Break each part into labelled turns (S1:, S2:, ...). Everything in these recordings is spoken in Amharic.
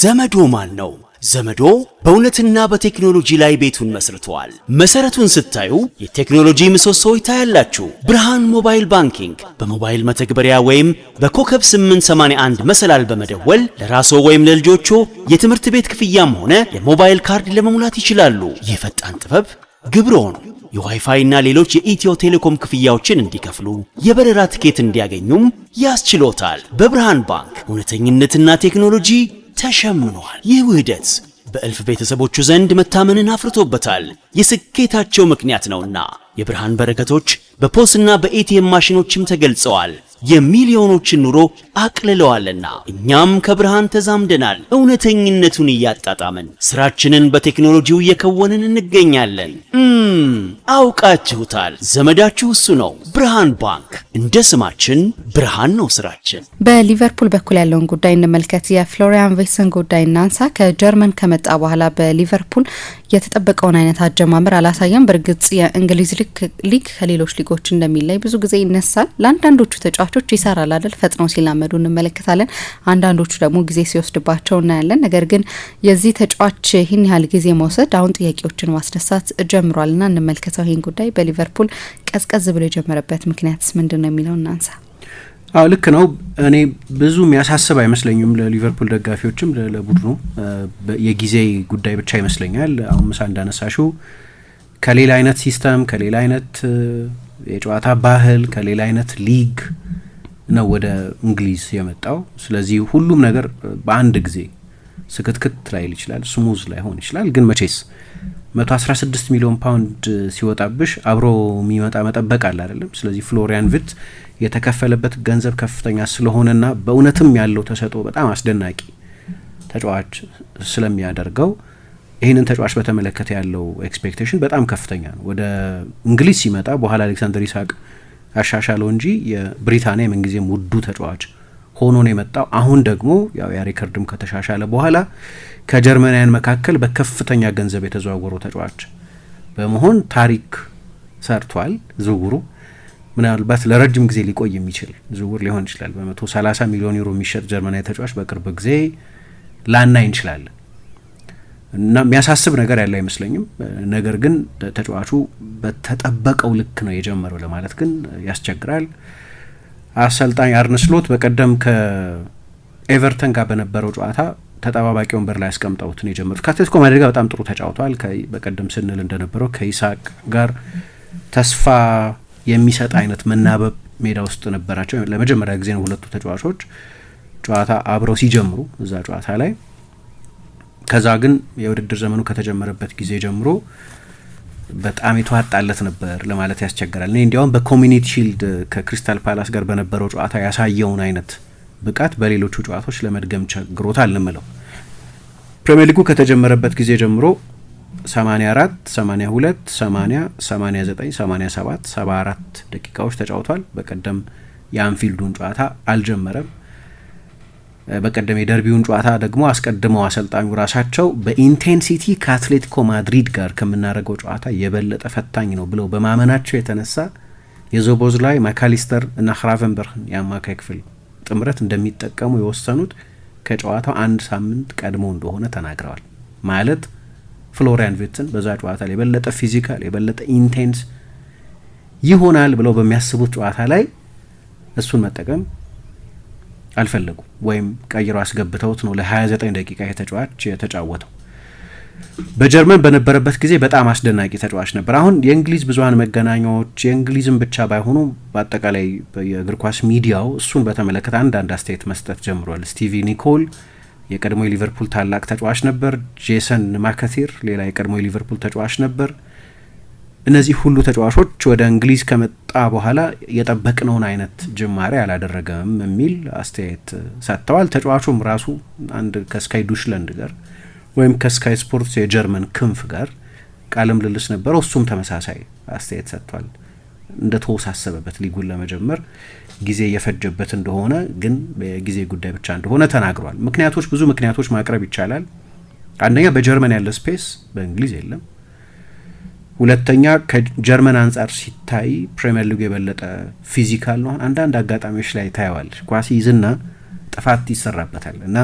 S1: ዘመዶ ማን ነው? ዘመዶ በእውነትና በቴክኖሎጂ ላይ ቤቱን መስርተዋል። መሰረቱን ስታዩ የቴክኖሎጂ ምሰሶዎች ይታያላችሁ ብርሃን ሞባይል ባንኪንግ በሞባይል መተግበሪያ ወይም በኮከብ 881 መሰላል በመደወል ለራስዎ ወይም ለልጆቹ የትምህርት ቤት ክፍያም ሆነ የሞባይል ካርድ ለመሙላት ይችላሉ። ይህ ፈጣን ጥበብ ግብሮን ነው። የዋይፋይ እና ሌሎች የኢትዮ ቴሌኮም ክፍያዎችን እንዲከፍሉ የበረራ ትኬት እንዲያገኙም ያስችሎታል። በብርሃን ባንክ እውነተኝነትና ቴክኖሎጂ ተሸምኗል። ይህ ውህደት በእልፍ ቤተሰቦቹ ዘንድ መታመንን አፍርቶበታል። የስኬታቸው ምክንያት ነውና የብርሃን በረከቶች በፖስና በኤቲኤም ማሽኖችም ተገልጸዋል። የሚሊዮኖችን ኑሮ አቅልለዋልና እኛም ከብርሃን ተዛምደናል። እውነተኝነቱን እያጣጣምን ስራችንን በቴክኖሎጂው እየከወንን እንገኛለን። አውቃችሁታል። ዘመዳችሁ እሱ ነው፣ ብርሃን ባንክ። እንደ ስማችን ብርሃን ነው ስራችን። በሊቨርፑል በኩል ያለውን ጉዳይ እንመልከት። የፍሎሪያን ቬትስን ጉዳይ እናንሳ። ከጀርመን ከመጣ በኋላ በሊቨርፑል የተጠበቀውን አይነት አጀማመር አላሳየም። በእርግጥ የእንግሊዝ ሊግ ከሌሎች ሊጎች እንደሚለይ ብዙ ጊዜ ይነሳል። ለአንዳንዶቹ ተጫዋቾች ይሰራል አይደል? ፈጥነው ሲላመዱ እንመለከታለን። አንዳንዶቹ ደግሞ ጊዜ ሲወስድባቸው እናያለን። ነገር ግን የዚህ ተጫዋች ይህን ያህል ጊዜ መውሰድ አሁን ጥያቄዎችን ማስነሳት ጀምሯል። ና እንመልከተው ይህን ጉዳይ በሊቨርፑል ቀዝቀዝ ብሎ የጀመረበት ምክንያትስ ምንድን ነው የሚለው እናንሳ። አዎ ልክ ነው። እኔ ብዙ የሚያሳስብ አይመስለኝም። ለሊቨርፑል ደጋፊዎችም ለቡድኑ የጊዜ ጉዳይ ብቻ ይመስለኛል። አሁን ምሳ እንዳነሳሽው ከሌላ አይነት ሲስተም ከሌላ አይነት የጨዋታ ባህል ከሌላ አይነት ሊግ ነው ወደ እንግሊዝ የመጣው። ስለዚህ ሁሉም ነገር በአንድ ጊዜ ስክትክት ላይል ይችላል፣ ስሙዝ ላይሆን ይችላል። ግን መቼስ 116 ሚሊዮን ፓውንድ ሲወጣብሽ አብሮ የሚመጣ መጠበቅ አለ አይደለም። ስለዚህ ፍሎሪያን ቪት የተከፈለበት ገንዘብ ከፍተኛ ስለሆነና በእውነትም ያለው ተሰጥኦ በጣም አስደናቂ ተጫዋች ስለሚያደርገው ይህንን ተጫዋች በተመለከተ ያለው ኤክስፔክቴሽን በጣም ከፍተኛ ነው። ወደ እንግሊዝ ሲመጣ በኋላ አሌክሳንደር ኢሳቅ ያሻሻለው እንጂ የብሪታንያ የምንጊዜም ውዱ ተጫዋች ሆኖ ነው የመጣው። አሁን ደግሞ ያው ያ ሪከርድም ከተሻሻለ በኋላ ከጀርመናውያን መካከል በከፍተኛ ገንዘብ የተዘዋወረው ተጫዋች በመሆን ታሪክ ሰርቷል ዝውውሩ ምናልባት ለረጅም ጊዜ ሊቆይ የሚችል ዝውውር ሊሆን ይችላል። በመቶ 30 ሚሊዮን ዩሮ የሚሸጥ ጀርመናዊ ተጫዋች በቅርብ ጊዜ ላናይ እንችላለን እና የሚያሳስብ ነገር ያለ አይመስለኝም። ነገር ግን ተጫዋቹ በተጠበቀው ልክ ነው የጀመረው ለማለት ግን ያስቸግራል። አሰልጣኝ አርንስሎት በቀደም ከኤቨርተን ጋር በነበረው ጨዋታ ተጠባባቂ ወንበር ላይ ያስቀምጠውት ነው የጀመሩት። ከአትሌቲኮ ማድሪድ ጋር በጣም ጥሩ ተጫውተዋል። በቀደም ስንል እንደነበረው ከኢሳቅ ጋር ተስፋ የሚሰጥ አይነት መናበብ ሜዳ ውስጥ ነበራቸው። ለመጀመሪያ ጊዜ ነው ሁለቱ ተጫዋቾች ጨዋታ አብረው ሲጀምሩ እዛ ጨዋታ ላይ። ከዛ ግን የውድድር ዘመኑ ከተጀመረበት ጊዜ ጀምሮ በጣም የተዋጣለት ነበር ለማለት ያስቸግራል። እኔ እንዲያውም በኮሚኒቲ ሺልድ ከክሪስታል ፓላስ ጋር በነበረው ጨዋታ ያሳየውን አይነት ብቃት በሌሎቹ ጨዋታዎች ለመድገም ቸግሮታል። ልምለው ፕሪሚየር ሊጉ ከተጀመረበት ጊዜ ጀምሮ 84 82 80 89 87 74 ደቂቃዎች ተጫውቷል። በቀደም የአንፊልዱን ጨዋታ አልጀመረም። በቀደም የደርቢውን ጨዋታ ደግሞ አስቀድመው አሰልጣኙ ራሳቸው በኢንቴንሲቲ ከአትሌቲኮ ማድሪድ ጋር ከምናደርገው ጨዋታ የበለጠ ፈታኝ ነው ብለው በማመናቸው የተነሳ የዞቦዝ ላይ ማካሊስተር እና ክራቨንበርህን የአማካይ ክፍል ጥምረት እንደሚጠቀሙ የወሰኑት ከጨዋታው አንድ ሳምንት ቀድሞ እንደሆነ ተናግረዋል ማለት ፍሎሪያን ቪርትስን በዛ ጨዋታ ላይ የበለጠ ፊዚካል የበለጠ ኢንቴንስ ይሆናል ብለው በሚያስቡት ጨዋታ ላይ እሱን መጠቀም አልፈለጉ ወይም ቀይረው አስገብተውት ነው ለ29 ደቂቃ የተጫዋች የተጫወተው። በጀርመን በነበረበት ጊዜ በጣም አስደናቂ ተጫዋች ነበር። አሁን የእንግሊዝ ብዙሀን መገናኛዎች የእንግሊዝም ብቻ ባይሆኑ በአጠቃላይ የእግር ኳስ ሚዲያው እሱን በተመለከተ አንዳንድ አስተያየት መስጠት ጀምሯል። ስቲቪ ኒኮል የቀድሞ የሊቨርፑል ታላቅ ተጫዋች ነበር። ጄሰን ማከቴር ሌላ የቀድሞ የሊቨርፑል ተጫዋች ነበር። እነዚህ ሁሉ ተጫዋቾች ወደ እንግሊዝ ከመጣ በኋላ የጠበቅነውን አይነት ጅማሬ አላደረገም የሚል አስተያየት ሰጥተዋል። ተጫዋቹም ራሱ አንድ ከስካይ ዱሽለንድ ጋር ወይም ከስካይ ስፖርት የጀርመን ክንፍ ጋር ቃለ ምልልስ ነበረው። እሱም ተመሳሳይ አስተያየት ሰጥቷል። እንደተወሳሰበበት ሊጉን ለመጀመር ጊዜ የፈጀበት እንደሆነ ግን የጊዜ ጉዳይ ብቻ እንደሆነ ተናግሯል። ምክንያቶች ብዙ ምክንያቶች ማቅረብ ይቻላል። አንደኛ በጀርመን ያለ ስፔስ በእንግሊዝ የለም። ሁለተኛ ከጀርመን አንጻር ሲታይ ፕሪምየር ሊጉ የበለጠ ፊዚካል ነው። አንዳንድ አጋጣሚዎች ላይ ታየዋል። ኳስ ይዝና ጥፋት ይሰራበታል እና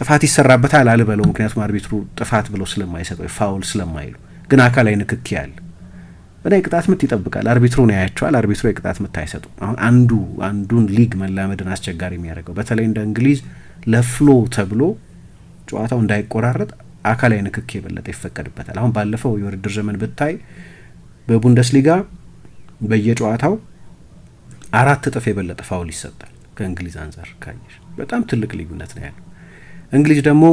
S1: ጥፋት ይሰራበታል አልበለው፣ ምክንያቱም አርቢትሩ ጥፋት ብሎ ስለማይሰጠው ፋውል ስለማይሉ፣ ግን አካላዊ ንክኪ አለ። እና የቅጣት ምት ይጠብቃል። አርቢትሩ ነው ያያቸዋል። አርቢትሩ የቅጣት ምት አይሰጡ። አሁን አንዱ አንዱን ሊግ መላመድን አስቸጋሪ የሚያደርገው በተለይ እንደ እንግሊዝ ለፍሎ ተብሎ ጨዋታው እንዳይቆራረጥ አካላዊ ንክክ የበለጠ ይፈቀድበታል። አሁን ባለፈው የውድድር ዘመን ብታይ በቡንደስሊጋ በየጨዋታው አራት እጥፍ የበለጠ ፋውል ይሰጣል ከእንግሊዝ አንጻር ካየሽ በጣም ትልቅ ልዩነት ነው ያለው። እንግሊዝ ደግሞ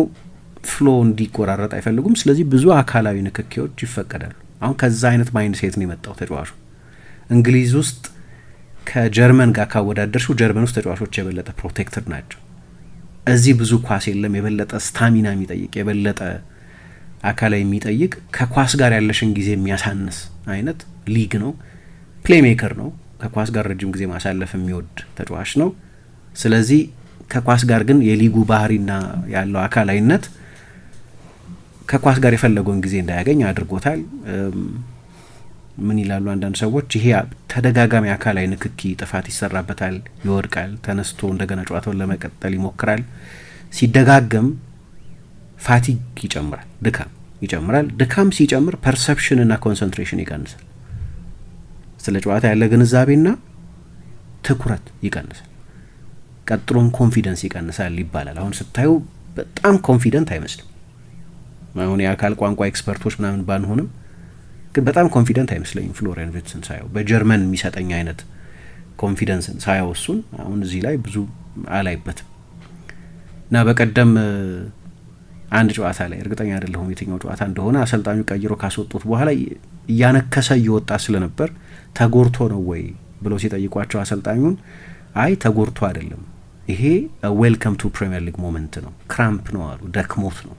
S1: ፍሎ እንዲቆራረጥ አይፈልጉም። ስለዚህ ብዙ አካላዊ ንክኪዎች ይፈቀዳሉ። አሁን ከዛ አይነት ማይንድ ሴት ነው የመጣው ተጫዋቹ። እንግሊዝ ውስጥ ከጀርመን ጋር ካወዳደርሹ ጀርመን ውስጥ ተጫዋቾች የበለጠ ፕሮቴክትድ ናቸው። እዚህ ብዙ ኳስ የለም። የበለጠ ስታሚና የሚጠይቅ የበለጠ አካላዊ የሚጠይቅ ከኳስ ጋር ያለሽን ጊዜ የሚያሳንስ አይነት ሊግ ነው። ፕሌሜከር ነው። ከኳስ ጋር ረጅም ጊዜ ማሳለፍ የሚወድ ተጫዋች ነው። ስለዚህ ከኳስ ጋር ግን የሊጉ ባህሪና ያለው አካላዊነት ከኳስ ጋር የፈለገውን ጊዜ እንዳያገኝ አድርጎታል። ምን ይላሉ አንዳንድ ሰዎች፣ ይሄ ተደጋጋሚ አካላዊ ንክኪ ጥፋት ይሰራበታል፣ ይወድቃል፣ ተነስቶ እንደገና ጨዋታውን ለመቀጠል ይሞክራል። ሲደጋገም ፋቲግ ይጨምራል፣ ድካም ይጨምራል። ድካም ሲጨምር ፐርሰፕሽን እና ኮንሰንትሬሽን ይቀንሳል። ስለ ጨዋታ ያለ ግንዛቤና ትኩረት ይቀንሳል። ቀጥሎም ኮንፊደንስ ይቀንሳል ይባላል። አሁን ስታዩ በጣም ኮንፊደንት አይመስልም። አሁን የአካል ቋንቋ ኤክስፐርቶች ምናምን ባንሆንም ግን በጣም ኮንፊደንት አይመስለኝም። ፍሎሪያን ቪርትስን ሳየው በጀርመን የሚሰጠኝ አይነት ኮንፊደንስን ሳየው እሱን አሁን እዚህ ላይ ብዙ አላይበትም እና በቀደም አንድ ጨዋታ ላይ እርግጠኛ አይደለሁም የትኛው ጨዋታ እንደሆነ አሰልጣኙ ቀይሮ ካስወጡት በኋላ እያነከሰ እየወጣ ስለነበር ተጎርቶ ነው ወይ ብለው ሲጠይቋቸው አሰልጣኙን አይ ተጎርቶ አይደለም፣ ይሄ ዌልከም ቱ ፕሪምየር ሊግ ሞመንት ነው፣ ክራምፕ ነው አሉ፣ ደክሞት ነው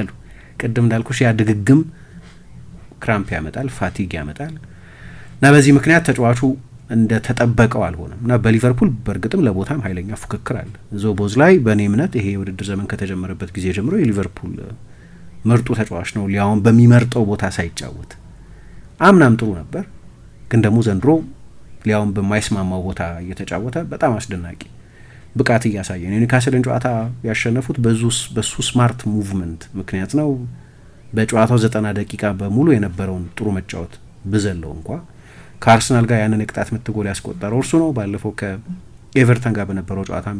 S1: አሉ። ቅድም እንዳልኩሽ ያ ድግግም ክራምፕ ያመጣል፣ ፋቲግ ያመጣል እና በዚህ ምክንያት ተጫዋቹ እንደ ተጠበቀው አልሆነም እና በሊቨርፑል በእርግጥም ለቦታም ኃይለኛ ፉክክር አለ። ዞቦዝ ላይ በእኔ እምነት ይሄ የውድድር ዘመን ከተጀመረበት ጊዜ ጀምሮ የሊቨርፑል ምርጡ ተጫዋች ነው። ሊያውን በሚመርጠው ቦታ ሳይጫወት አምናም ጥሩ ነበር፣ ግን ደግሞ ዘንድሮ ሊያውን በማይስማማው ቦታ እየተጫወተ በጣም አስደናቂ ብቃት እያሳየ ነው። የኒውካስልን ጨዋታ ያሸነፉት በሱ ስማርት ሙቭመንት ምክንያት ነው። በጨዋታው ዘጠና ደቂቃ በሙሉ የነበረውን ጥሩ መጫወት ብዘለው እንኳ ከአርሰናል ጋር ያንን የቅጣት ምት ጎል ያስቆጠረው እርሱ ነው። ባለፈው ከኤቨርተን ጋር በነበረው ጨዋታም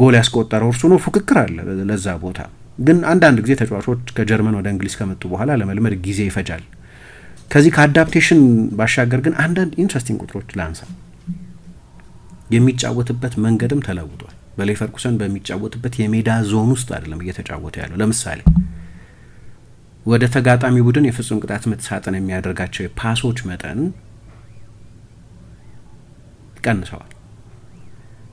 S1: ጎል ያስቆጠረው እርሱ ነው። ፉክክር አለ ለዛ ቦታ። ግን አንዳንድ ጊዜ ተጫዋቾች ከጀርመን ወደ እንግሊዝ ከመጡ በኋላ ለመልመድ ጊዜ ይፈጃል። ከዚህ ከአዳፕቴሽን ባሻገር ግን አንዳንድ ኢንትረስቲንግ ቁጥሮች ላንሳ። የሚጫወትበት መንገድም ተለውጧል። በሌቨርኩሰን በሚጫወትበት የሜዳ ዞን ውስጥ አይደለም እየተጫወተ ያለው። ለምሳሌ ወደ ተጋጣሚ ቡድን የፍጹም ቅጣት ምት ሳጥን የሚያደርጋቸው የፓሶች መጠን ቀንሰዋል።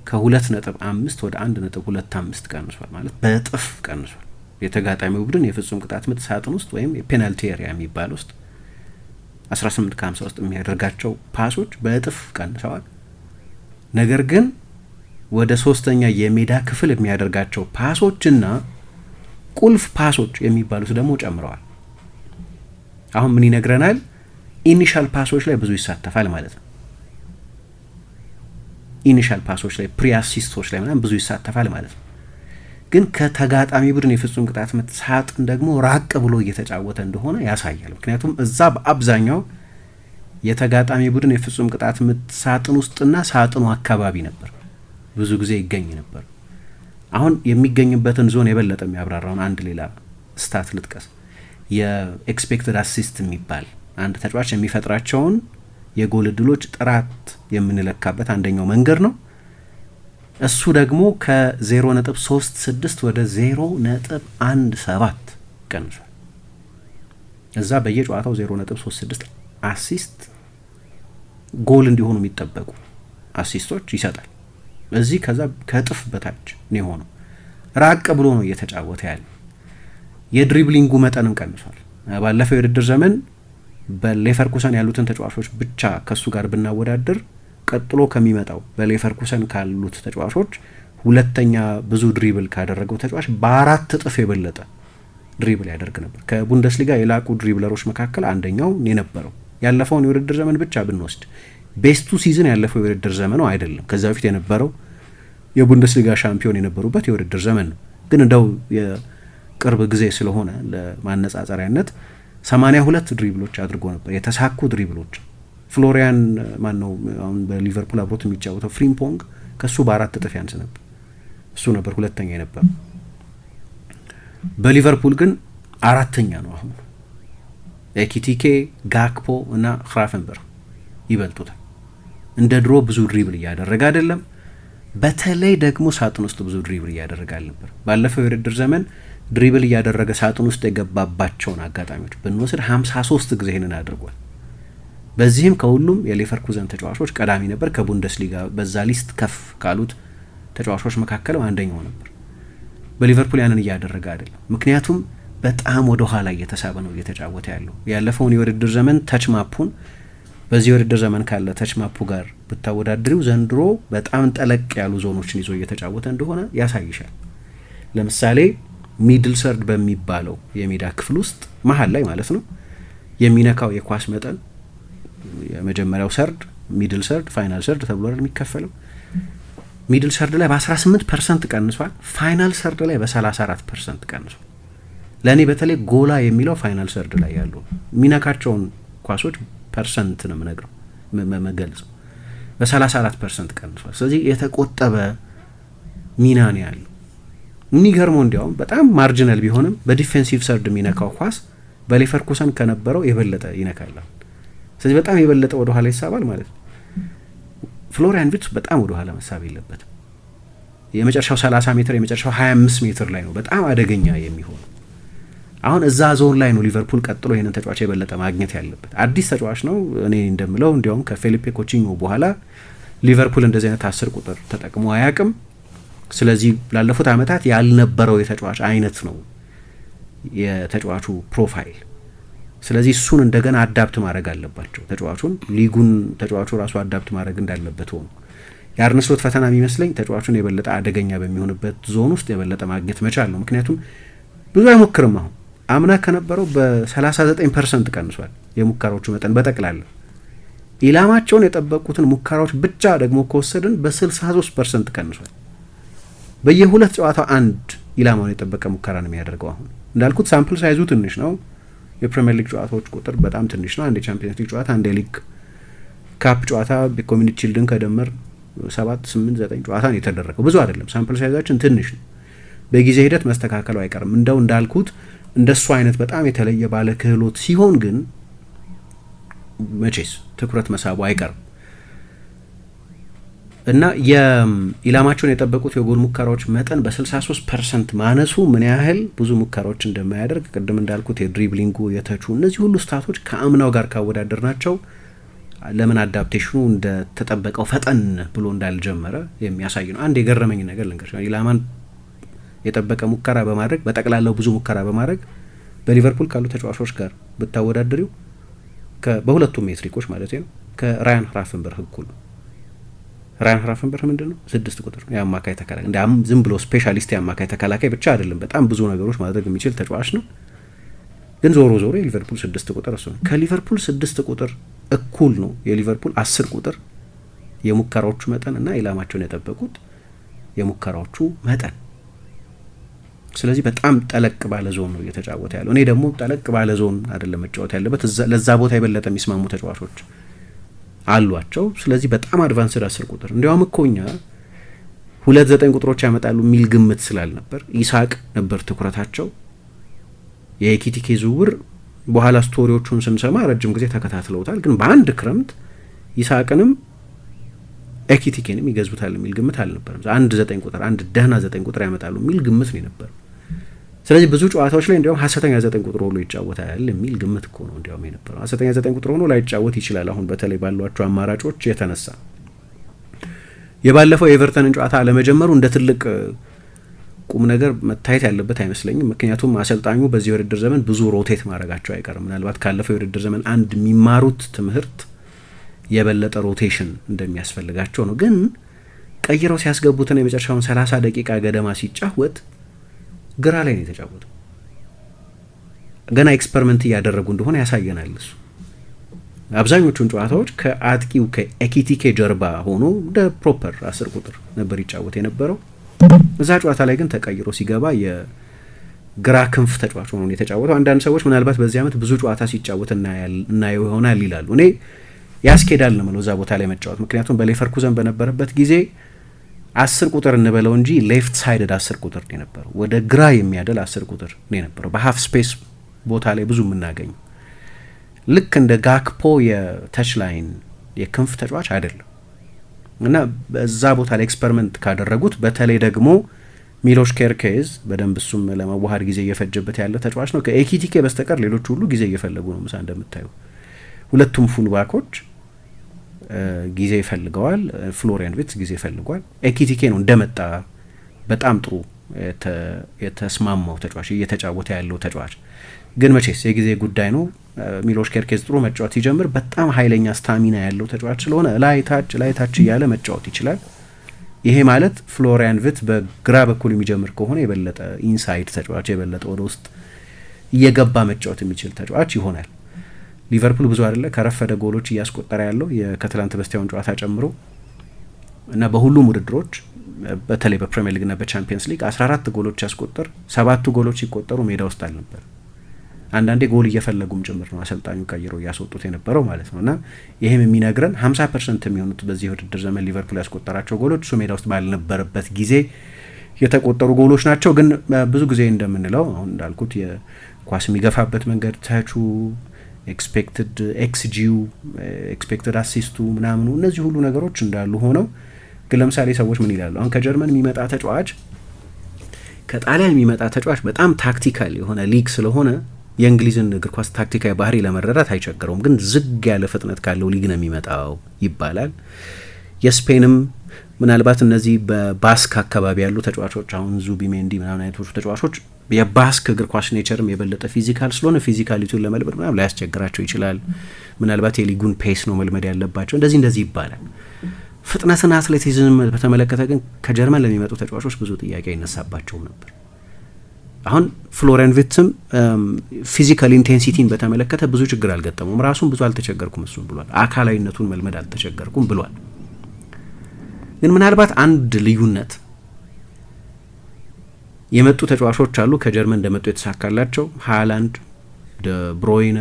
S1: ከሁለት ነጥብ አምስት ወደ አንድ ነጥብ ሁለት አምስት ቀንሷል። ማለት በእጥፍ ቀንሷል። የተጋጣሚ ቡድን የፍጹም ቅጣት ምት ሳጥን ውስጥ ወይም የፔናልቲ ኤሪያ የሚባል ውስጥ 18 ከ50 ውስጥ የሚያደርጋቸው ፓሶች በእጥፍ ቀንሰዋል። ነገር ግን ወደ ሶስተኛ የሜዳ ክፍል የሚያደርጋቸው ፓሶችና ቁልፍ ፓሶች የሚባሉት ደግሞ ጨምረዋል። አሁን ምን ይነግረናል? ኢኒሻል ፓሶች ላይ ብዙ ይሳተፋል ማለት ነው። ኢኒሻል ፓሶች ላይ ፕሪያሲስቶች ላይ ምናምን ብዙ ይሳተፋል ማለት ነው። ግን ከተጋጣሚ ቡድን የፍጹም ቅጣት ምት ሳጥን ደግሞ ራቅ ብሎ እየተጫወተ እንደሆነ ያሳያል። ምክንያቱም እዛ በአብዛኛው የተጋጣሚ ቡድን የፍጹም ቅጣት ምት ሳጥን ውስጥና ሳጥኑ አካባቢ ነበር ብዙ ጊዜ ይገኝ ነበር። አሁን የሚገኝበትን ዞን የበለጠ የሚያብራራውን አንድ ሌላ ስታት ልጥቀስ። የኤክስፔክትድ አሲስት የሚባል አንድ ተጫዋች የሚፈጥራቸውን የጎል እድሎች ጥራት የምንለካበት አንደኛው መንገድ ነው። እሱ ደግሞ ከ0.36 ወደ 0.17 ቀንሷል። እዛ በየጨዋታው 0.36 አሲስት ጎል እንዲሆኑ የሚጠበቁ አሲስቶች ይሰጣል። እዚህ ከዛ ከእጥፍ በታች ነው የሆነው። ራቅ ብሎ ነው እየተጫወተ ያለ። የድሪብሊንጉ መጠንም ቀንሷል። ባለፈው የውድድር ዘመን በሌቨርኩሰን ያሉትን ተጫዋቾች ብቻ ከሱ ጋር ብናወዳድር ቀጥሎ ከሚመጣው በሌቨርኩሰን ካሉት ተጫዋቾች ሁለተኛ ብዙ ድሪብል ካደረገው ተጫዋች በአራት እጥፍ የበለጠ ድሪብል ያደርግ ነበር። ከቡንደስሊጋ የላቁ ድሪብለሮች መካከል አንደኛው የነበረው ያለፈውን የውድድር ዘመን ብቻ ብንወስድ ቤስቱ ሲዝን ያለፈው የውድድር ዘመኑ አይደለም። ከዚ በፊት የነበረው የቡንደስሊጋ ሻምፒዮን የነበሩበት የውድድር ዘመን ነው። ግን እንደው የቅርብ ጊዜ ስለሆነ ለማነጻጸሪያነት 82 ድሪብሎች አድርጎ ነበር። የተሳኩ ድሪብሎች ፍሎሪያን ማን ነው አሁን በሊቨርፑል አብሮት የሚጫወተው ፍሪምፖንግ ከእሱ በአራት እጥፍ ያንስ ነበር። እሱ ነበር ሁለተኛ የነበረው። በሊቨርፑል ግን አራተኛ ነው አሁን ኤኪቲኬ፣ ጋክፖ እና ክራፍንበር ይበልጡታል። እንደ ድሮ ብዙ ድሪብል እያደረገ አይደለም። በተለይ ደግሞ ሳጥን ውስጥ ብዙ ድሪብል እያደረገ አልነበር። ባለፈው የውድድር ዘመን ድሪብል እያደረገ ሳጥን ውስጥ የገባባቸውን አጋጣሚዎች ብንወስድ 53 ጊዜ ይህንን አድርጓል። በዚህም ከሁሉም የሌቨርኩዘን ተጫዋቾች ቀዳሚ ነበር። ከቡንደስሊጋ በዛ ሊስት ከፍ ካሉት ተጫዋቾች መካከልም አንደኛው ነበር። በሊቨርፑል ያንን እያደረገ አይደለም። ምክንያቱም በጣም ወደ ኋላ እየተሳበ ነው እየተጫወተ ያለው። ያለፈውን የውድድር ዘመን ተች ማፑን በዚህ የውድድር ዘመን ካለ ተች ማፑ ጋር ብታወዳድሪው ዘንድሮ በጣም ጠለቅ ያሉ ዞኖችን ይዞ እየተጫወተ እንደሆነ ያሳይሻል። ለምሳሌ ሚድል ሰርድ በሚባለው የሜዳ ክፍል ውስጥ መሀል ላይ ማለት ነው የሚነካው የኳስ መጠን የመጀመሪያው ሰርድ፣ ሚድል ሰርድ፣ ፋይናል ሰርድ ተብሎ የሚከፈለው ሚድል ሰርድ ላይ በ18 ፐርሰንት ቀንሷል። ፋይናል ሰርድ ላይ በ34 ፐርሰንት ቀንሷል። ለእኔ በተለይ ጎላ የሚለው ፋይናል ሰርድ ላይ ያሉ የሚነካቸውን ኳሶች ፐርሰንት ነው የምነግረው መገልጽ በ34 ፐርሰንት ቀንሷል። ስለዚህ የተቆጠበ ሚና ነው ያሉ የሚገርመው እንዲያውም በጣም ማርጂናል ቢሆንም በዲፌንሲቭ ሰርድ የሚነካው ኳስ በሌቨርኩሰን ከነበረው የበለጠ ይነካላል። ስለዚህ በጣም የበለጠ ወደኋላ ይሳባል ማለት ነው። ፍሎሪያን ቪርትስ በጣም ወደኋላ መሳብ የለበትም። የመጨረሻው 30 ሜትር የመጨረሻው 25 ሜትር ላይ ነው በጣም አደገኛ የሚሆኑ አሁን እዛ ዞን ላይ ነው ሊቨርፑል ቀጥሎ ይህንን ተጫዋች የበለጠ ማግኘት ያለበት። አዲስ ተጫዋች ነው እኔ እንደምለው እንዲያውም ከፌሊፔ ኮቺኞ በኋላ ሊቨርፑል እንደዚህ አይነት አስር ቁጥር ተጠቅሞ አያቅም። ስለዚህ ላለፉት ዓመታት ያልነበረው የተጫዋች አይነት ነው የተጫዋቹ ፕሮፋይል። ስለዚህ እሱን እንደገና አዳፕት ማድረግ አለባቸው ተጫዋቹን፣ ሊጉን ተጫዋቹ ራሱ አዳፕት ማድረግ እንዳለበት ሆኑ የአርነ ስሎት ፈተና የሚመስለኝ ተጫዋቹን የበለጠ አደገኛ በሚሆንበት ዞን ውስጥ የበለጠ ማግኘት መቻል ነው። ምክንያቱም ብዙ አይሞክርም አሁን አምና ከነበረው በ39 ፐርሰንት ቀንሷል። የሙከራዎቹ መጠን በጠቅላላ ኢላማቸውን የጠበቁትን ሙከራዎች ብቻ ደግሞ ከወሰድን በ63 ፐርሰንት ቀንሷል። በየሁለት ጨዋታው አንድ ኢላማውን የጠበቀ ሙከራ ነው የሚያደርገው። አሁን እንዳልኩት ሳምፕል ሳይዙ ትንሽ ነው። የፕሪሚየር ሊግ ጨዋታዎች ቁጥር በጣም ትንሽ ነው። አንድ የቻምፒየንስ ሊግ ጨዋታ፣ አንድ የሊግ ካፕ ጨዋታ የኮሚኒቲ ቺልድን ከደመር ሰባት ስምንት ዘጠኝ ጨዋታ ነው የተደረገው። ብዙ አይደለም። ሳምፕል ሳይዛችን ትንሽ ነው። በጊዜ ሂደት መስተካከሉ አይቀርም። እንደው እንዳልኩት እንደሱ አይነት በጣም የተለየ ባለ ክህሎት ሲሆን ግን መቼስ ትኩረት መሳቡ አይቀርም እና የኢላማቸውን የጠበቁት የጎል ሙከራዎች መጠን በ63 ፐርሰንት ማነሱ ምን ያህል ብዙ ሙከራዎች እንደማያደርግ ቅድም እንዳልኩት የድሪብሊንጉ የተቹ እነዚህ ሁሉ ስታቶች ከአምናው ጋር ካወዳደር ናቸው ለምን አዳፕቴሽኑ እንደተጠበቀው ፈጠን ብሎ እንዳልጀመረ የሚያሳይ ነው። አንድ የገረመኝ ነገር ልንገር ኢላማን የጠበቀ ሙከራ በማድረግ በጠቅላላው ብዙ ሙከራ በማድረግ በሊቨርፑል ካሉ ተጫዋቾች ጋር ብታወዳድሪው በሁለቱም ሜትሪኮች ማለት ነው ከራያን ራፍንበርህ እኩል ነው። ራያን ራፍንበርህ ምንድን ነው ስድስት ቁጥር የአማካይ ተከላካይ ዝም ብሎ ስፔሻሊስት የአማካይ ተከላካይ ብቻ አይደለም፣ በጣም ብዙ ነገሮች ማድረግ የሚችል ተጫዋች ነው። ግን ዞሮ ዞሮ የሊቨርፑል ስድስት ቁጥር እሱ ነው። ከሊቨርፑል ስድስት ቁጥር እኩል ነው የሊቨርፑል አስር ቁጥር የሙከራዎቹ መጠን እና ኢላማቸውን የጠበቁት የሙከራዎቹ መጠን ስለዚህ በጣም ጠለቅ ባለ ዞን ነው እየተጫወተ ያለው። እኔ ደግሞ ጠለቅ ባለ ዞን አይደለም መጫወት ያለበት፣ ለዛ ቦታ የበለጠ የሚስማሙ ተጫዋቾች አሏቸው። ስለዚህ በጣም አድቫንስድ አስር ቁጥር እንዲያውም እኮኛ ሁለት ዘጠኝ ቁጥሮች ያመጣሉ የሚል ግምት ስላልነበር ኢሳቅ ነበር ትኩረታቸው። የኪቲኬ ዝውውር በኋላ ስቶሪዎቹን ስንሰማ ረጅም ጊዜ ተከታትለውታል፣ ግን በአንድ ክረምት ኢሳቅንም ኤኪቲኬንም ይገዝቡታል የሚል ግምት አልነበርም። አንድ ዘጠኝ ቁጥር አንድ ደህና ዘጠኝ ቁጥር ያመጣሉ የሚል ግምት ነው የነበረው። ስለዚህ ብዙ ጨዋታዎች ላይ እንዲያውም ሀሰተኛ ዘጠኝ ቁጥር ሆኖ ይጫወታል የሚል ግምት እኮ ነው እንዲያውም የነበረው። ሀሰተኛ ዘጠኝ ቁጥር ሆኖ ላይጫወት ይችላል፣ አሁን በተለይ ባሏቸው አማራጮች የተነሳ የባለፈው የኤቨርተንን ጨዋታ አለመጀመሩ እንደ ትልቅ ቁም ነገር መታየት ያለበት አይመስለኝም። ምክንያቱም አሰልጣኙ በዚህ የውድድር ዘመን ብዙ ሮቴት ማድረጋቸው አይቀርም። ምናልባት ካለፈው የውድድር ዘመን አንድ የሚማሩት ትምህርት የበለጠ ሮቴሽን እንደሚያስፈልጋቸው ነው። ግን ቀይረው ሲያስገቡትን የመጨረሻውን 30 ደቂቃ ገደማ ሲጫወት ግራ ላይ ነው የተጫወተው። ገና ኤክስፐሪመንት እያደረጉ እንደሆነ ያሳየናል። እሱ አብዛኞቹን ጨዋታዎች ከአጥቂው ከኤኪቲኬ ጀርባ ሆኖ እንደ ፕሮፐር አስር ቁጥር ነበር ይጫወት የነበረው። እዛ ጨዋታ ላይ ግን ተቀይሮ ሲገባ የግራ ክንፍ ተጫዋች ሆኖ የተጫወተው። አንዳንድ ሰዎች ምናልባት በዚህ ዓመት ብዙ ጨዋታ ሲጫወት እናየው ይሆናል ይላሉ። እኔ ያስኬዳል ነው እዛ ቦታ ላይ መጫወት ምክንያቱም በሌቨርኩዘን በነበረበት ጊዜ አስር ቁጥር እንበለው እንጂ ሌፍት ሳይደድ አስር ቁጥር ነው የነበረው። ወደ ግራ የሚያደል አስር ቁጥር ነው የነበረው። በሀፍ ስፔስ ቦታ ላይ ብዙ የምናገኙ ልክ እንደ ጋክፖ የተች ላይን የክንፍ ተጫዋች አይደለም እና በዛ ቦታ ላይ ኤክስፐሪመንት ካደረጉት በተለይ ደግሞ ሚሎሽ ኬርኬዝ በደንብ እሱም ለመዋሃድ ጊዜ እየፈጀበት ያለ ተጫዋች ነው። ከኤኪቲኬ በስተቀር ሌሎች ሁሉ ጊዜ እየፈለጉ ነው። ምሳ እንደምታዩ ሁለቱም ፉልባኮች ጊዜ ይፈልገዋል። ፍሎሪያን ቤትስ ጊዜ ይፈልጓል። ኤኪቲኬ ነው እንደመጣ በጣም ጥሩ የተስማማው ተጫዋች እየተጫወተ ያለው ተጫዋች ግን መቼስ የጊዜ ጉዳይ ነው። ሚሎሽ ኬርኬዝ ጥሩ መጫወት ሲጀምር በጣም ኃይለኛ ስታሚና ያለው ተጫዋች ስለሆነ ላይታች ላይታች እያለ መጫወት ይችላል። ይሄ ማለት ፍሎሪያን ቪት በግራ በኩል የሚጀምር ከሆነ የበለጠ ኢንሳይድ ተጫዋች የበለጠ ወደ ውስጥ እየገባ መጫወት የሚችል ተጫዋች ይሆናል። ሊቨርፑል ብዙ አይደለ ከረፈደ ጎሎች እያስቆጠረ ያለው ከትላንት በስቲያውን ጨዋታ ጨምሮ እና በሁሉም ውድድሮች በተለይ በፕሪሚየር ሊግና በቻምፒየንስ ሊግ 14 ጎሎች ያስቆጠር ሰባቱ ጎሎች ሲቆጠሩ ሜዳ ውስጥ አልነበር። አንዳንዴ ጎል እየፈለጉም ጭምር ነው አሰልጣኙ ቀይሮ እያስወጡት የነበረው ማለት ነው። እና ይህም የሚነግረን 50 ፐርሰንት የሚሆኑት በዚህ ውድድር ዘመን ሊቨርፑል ያስቆጠራቸው ጎሎች እሱ ሜዳ ውስጥ ባልነበረበት ጊዜ የተቆጠሩ ጎሎች ናቸው። ግን ብዙ ጊዜ እንደምንለው አሁን እንዳልኩት የኳስ የሚገፋበት መንገድ ተቹ ኤክስፔክትድ ኤክስጂው ኤክስፔክትድ አሲስቱ ምናምኑ እነዚህ ሁሉ ነገሮች እንዳሉ ሆነው ግን ለምሳሌ ሰዎች ምን ይላሉ? አሁን ከጀርመን የሚመጣ ተጫዋች ከጣሊያን የሚመጣ ተጫዋች በጣም ታክቲካል የሆነ ሊግ ስለሆነ የእንግሊዝን እግር ኳስ ታክቲካዊ ባህሪ ለመረዳት አይቸግረውም፣ ግን ዝግ ያለ ፍጥነት ካለው ሊግ ነው የሚመጣው ይባላል። የስፔንም ምናልባት እነዚህ በባስክ አካባቢ ያሉ ተጫዋቾች አሁን ዙቢሜንዲ ምናምን አይነቶቹ ተጫዋቾች የባስክ እግር ኳስ ኔቸርም የበለጠ ፊዚካል ስለሆነ ፊዚካሊቱን ለመልመድ ምናም ላያስቸግራቸው ይችላል። ምናልባት የሊጉን ፔስ ነው መልመድ ያለባቸው እንደዚህ እንደዚህ ይባላል። ፍጥነትና አትሌቲዝም በተመለከተ ግን ከጀርመን ለሚመጡ ተጫዋቾች ብዙ ጥያቄ አይነሳባቸውም ነበር። አሁን ፍሎሪያን ቪትስም ፊዚካል ኢንቴንሲቲን በተመለከተ ብዙ ችግር አልገጠሙም ራሱን ብዙ አልተቸገርኩም እሱም ብሏል። አካላዊነቱን መልመድ አልተቸገርኩም ብሏል። ግን ምናልባት አንድ ልዩነት የመጡ ተጫዋቾች አሉ ከጀርመን እንደመጡ የተሳካላቸው ሃላንድ፣ ብሮይነ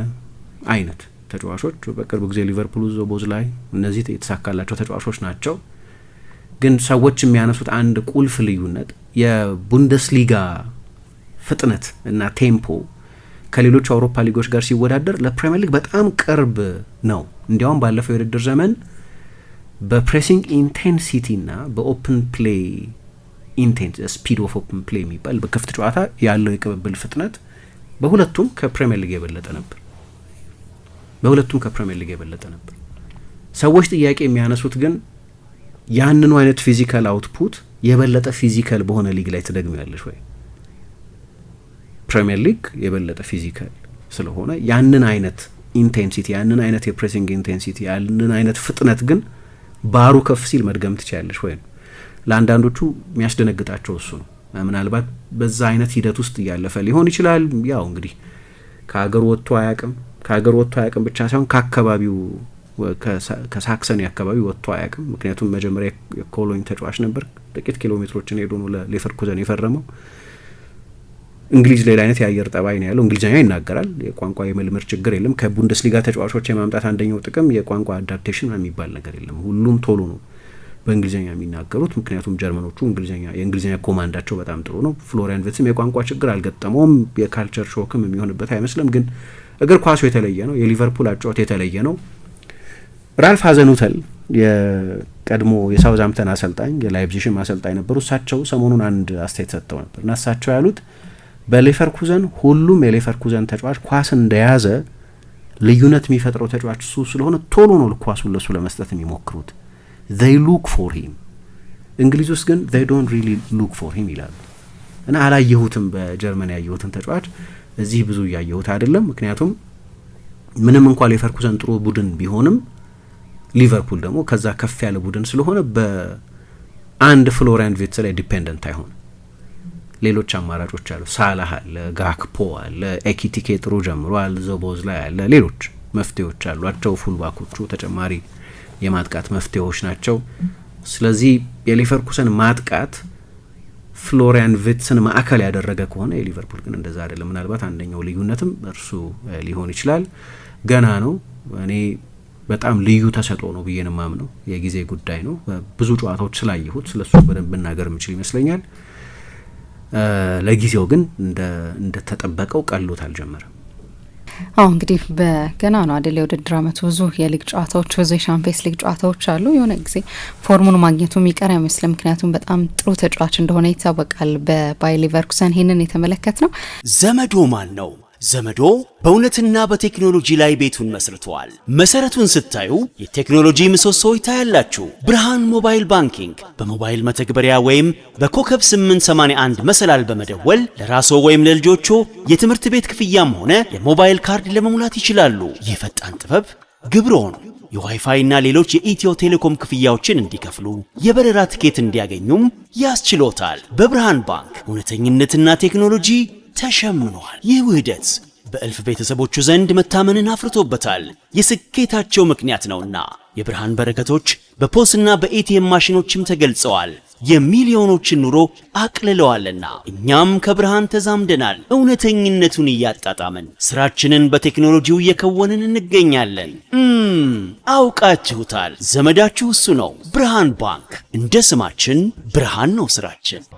S1: አይነት ተጫዋቾች በቅርብ ጊዜ ሊቨርፑል ዞ ቦዝ ላይ እነዚህ የተሳካላቸው ተጫዋቾች ናቸው። ግን ሰዎች የሚያነሱት አንድ ቁልፍ ልዩነት የቡንደስሊጋ ፍጥነት እና ቴምፖ ከሌሎች አውሮፓ ሊጎች ጋር ሲወዳደር ለፕሪሚየር ሊግ በጣም ቅርብ ነው። እንዲያውም ባለፈው የውድድር ዘመን በፕሬሲንግ ኢንቴንሲቲ በኦፕን ፕሌይ ኢንቴንስ ስፒድ ኦፍ ኦፕን ፕሌይ የሚባል በክፍት ጨዋታ ያለው የቅብብል ፍጥነት በሁለቱም ከፕሪሚየር ሊግ የበለጠ ነበር። በሁለቱም ከፕሪሚየር ሊግ የበለጠ ነበር። ሰዎች ጥያቄ የሚያነሱት ግን ያንኑ አይነት ፊዚካል አውትፑት የበለጠ ፊዚካል በሆነ ሊግ ላይ ትደግሚያለሽ ወይ? ፕሪሚየር ሊግ የበለጠ ፊዚካል ስለሆነ ያንን አይነት ኢንቴንሲቲ ያንን አይነት የፕሬሲንግ ኢንቴንሲቲ ያንን አይነት ፍጥነት ግን ባሩ ከፍ ሲል መድገም ትችላለሽ ወይ ነው ለአንዳንዶቹ የሚያስደነግጣቸው እሱ ነው። ምናልባት በዛ አይነት ሂደት ውስጥ እያለፈ ሊሆን ይችላል። ያው እንግዲህ ከሀገር ወጥቶ አያቅም። ከሀገር ወጥቶ አያቅም ብቻ ሳይሆን ከአካባቢው ከሳክሰኒ አካባቢ ወጥቶ አያቅም። ምክንያቱም መጀመሪያ የኮሎኝ ተጫዋች ነበር። ጥቂት ኪሎ ሜትሮችን ሄዶ ነው ለሌቨርኩዘን የፈረመው። እንግሊዝ ሌላ አይነት የአየር ጠባይ ነው ያለው። እንግሊዝኛ ይናገራል። የቋንቋ የመልመድ ችግር የለም። ከቡንደስሊጋ ተጫዋቾች የማምጣት አንደኛው ጥቅም የቋንቋ አዳፕቴሽን የሚባል ነገር የለም። ሁሉም ቶሎ ነው በእንግሊዝኛ የሚናገሩት ምክንያቱም ጀርመኖቹ እንግሊዝኛ የእንግሊዝኛ ኮማንዳቸው በጣም ጥሩ ነው። ፍሎሪያን ቨትስም የቋንቋ ችግር አልገጠመውም። የካልቸር ሾክም የሚሆንበት አይመስልም። ግን እግር ኳሱ የተለየ ነው። የሊቨርፑል አጫወት የተለየ ነው። ራልፍ ሀዘኑተል የቀድሞ የሳውዝሃምፕተን አሰልጣኝ የላይፕዚሽም አሰልጣኝ ነበሩ። እሳቸው ሰሞኑን አንድ አስተያየት ሰጥተው ነበር እና እሳቸው ያሉት በሌቨርኩዘን ሁሉም የሌቨርኩዘን ተጫዋች ኳስ እንደያዘ ልዩነት የሚፈጥረው ተጫዋች እሱ ስለሆነ ቶሎ ነው ኳሱን ለሱ ለመስጠት የሚሞክሩት ዘይ ሉክ ፎር ሂም እንግሊዝ ውስጥ ግን ዘይ ዶንት ሪሊ ሉክ ፎር ሂም ይላሉ። እና አላየሁትም። በጀርመን ያየሁትን ተጫዋች እዚህ ብዙ እያየሁት አይደለም። ምክንያቱም ምንም እንኳ ሌቨርኩሰን ጥሩ ቡድን ቢሆንም ሊቨርፑል ደግሞ ከዛ ከፍ ያለ ቡድን ስለሆነ በአንድ ፍሎሪያን ቪርትዝ ላይ ዲፔንደንት አይሆን። ሌሎች አማራጮች አሉ። ሳላህ አለ፣ ጋክፖ አለ፣ ኤኪቲኬ ጥሩ ጀምሯል፣ ዘቦዝ ላይ አለ፣ ሌሎች መፍትሄዎች አሏቸው ፉልባኮቹ ተጨማሪ የማጥቃት መፍትሄዎች ናቸው። ስለዚህ የሊቨርኩሰን ማጥቃት ፍሎሪያን ቪትስን ማዕከል ያደረገ ከሆነ የሊቨርፑል ግን እንደዛ አይደለም። ምናልባት አንደኛው ልዩነትም እርሱ ሊሆን ይችላል። ገና ነው። እኔ በጣም ልዩ ተሰጥኦ ነው ብዬ የማምነው የጊዜ ጉዳይ ነው። ብዙ ጨዋታዎች ስላየሁት ስለሱ በደንብ ብናገር የምችል ይመስለኛል። ለጊዜው ግን እንደተጠበቀው ቀሎት አልጀመረም። አሁ እንግዲህ በገና ነው አደል የውድድር አመቱ ብዙ የሊግ ጨዋታዎች ብዙ የሻምፒየንስ ሊግ ጨዋታዎች አሉ። የሆነ ጊዜ ፎርሙን ማግኘቱ የሚቀር አይመስልም። ምክንያቱም በጣም ጥሩ ተጫዋች እንደሆነ ይታወቃል። በባይሊቨርኩሰን ሌቨርኩሰን ይህንን የተመለከት ነው። ዘመዶ ማን ነው ዘመዶ በእውነትና በቴክኖሎጂ ላይ ቤቱን መስርተዋል። መሰረቱን ስታዩ የቴክኖሎጂ ምሰሶዎች ታያላችሁ። ብርሃን ሞባይል ባንኪንግ በሞባይል መተግበሪያ ወይም በኮከብ 881 መሰላል በመደወል ለራስዎ ወይም ለልጆቹ የትምህርት ቤት ክፍያም ሆነ የሞባይል ካርድ ለመሙላት ይችላሉ። ይህ ፈጣን ጥበብ ግብሮን የዋይፋይ እና ሌሎች የኢትዮ ቴሌኮም ክፍያዎችን እንዲከፍሉ የበረራ ትኬት እንዲያገኙም ያስችሎታል። በብርሃን ባንክ እውነተኝነትና ቴክኖሎጂ ተሸምኗል። ይህ ውህደት በእልፍ ቤተሰቦቹ ዘንድ መታመንን አፍርቶበታል። የስኬታቸው ምክንያት ነውና የብርሃን በረከቶች በፖስና በኤቲኤም ማሽኖችም ተገልጸዋል። የሚሊዮኖችን ኑሮ አቅልለዋልና እኛም ከብርሃን ተዛምደናል። እውነተኝነቱን እያጣጣምን ስራችንን በቴክኖሎጂው እየከወንን እንገኛለን። አውቃችሁታል። ዘመዳችሁ እሱ ነው። ብርሃን ባንክ። እንደ ስማችን ብርሃን ነው ስራችን።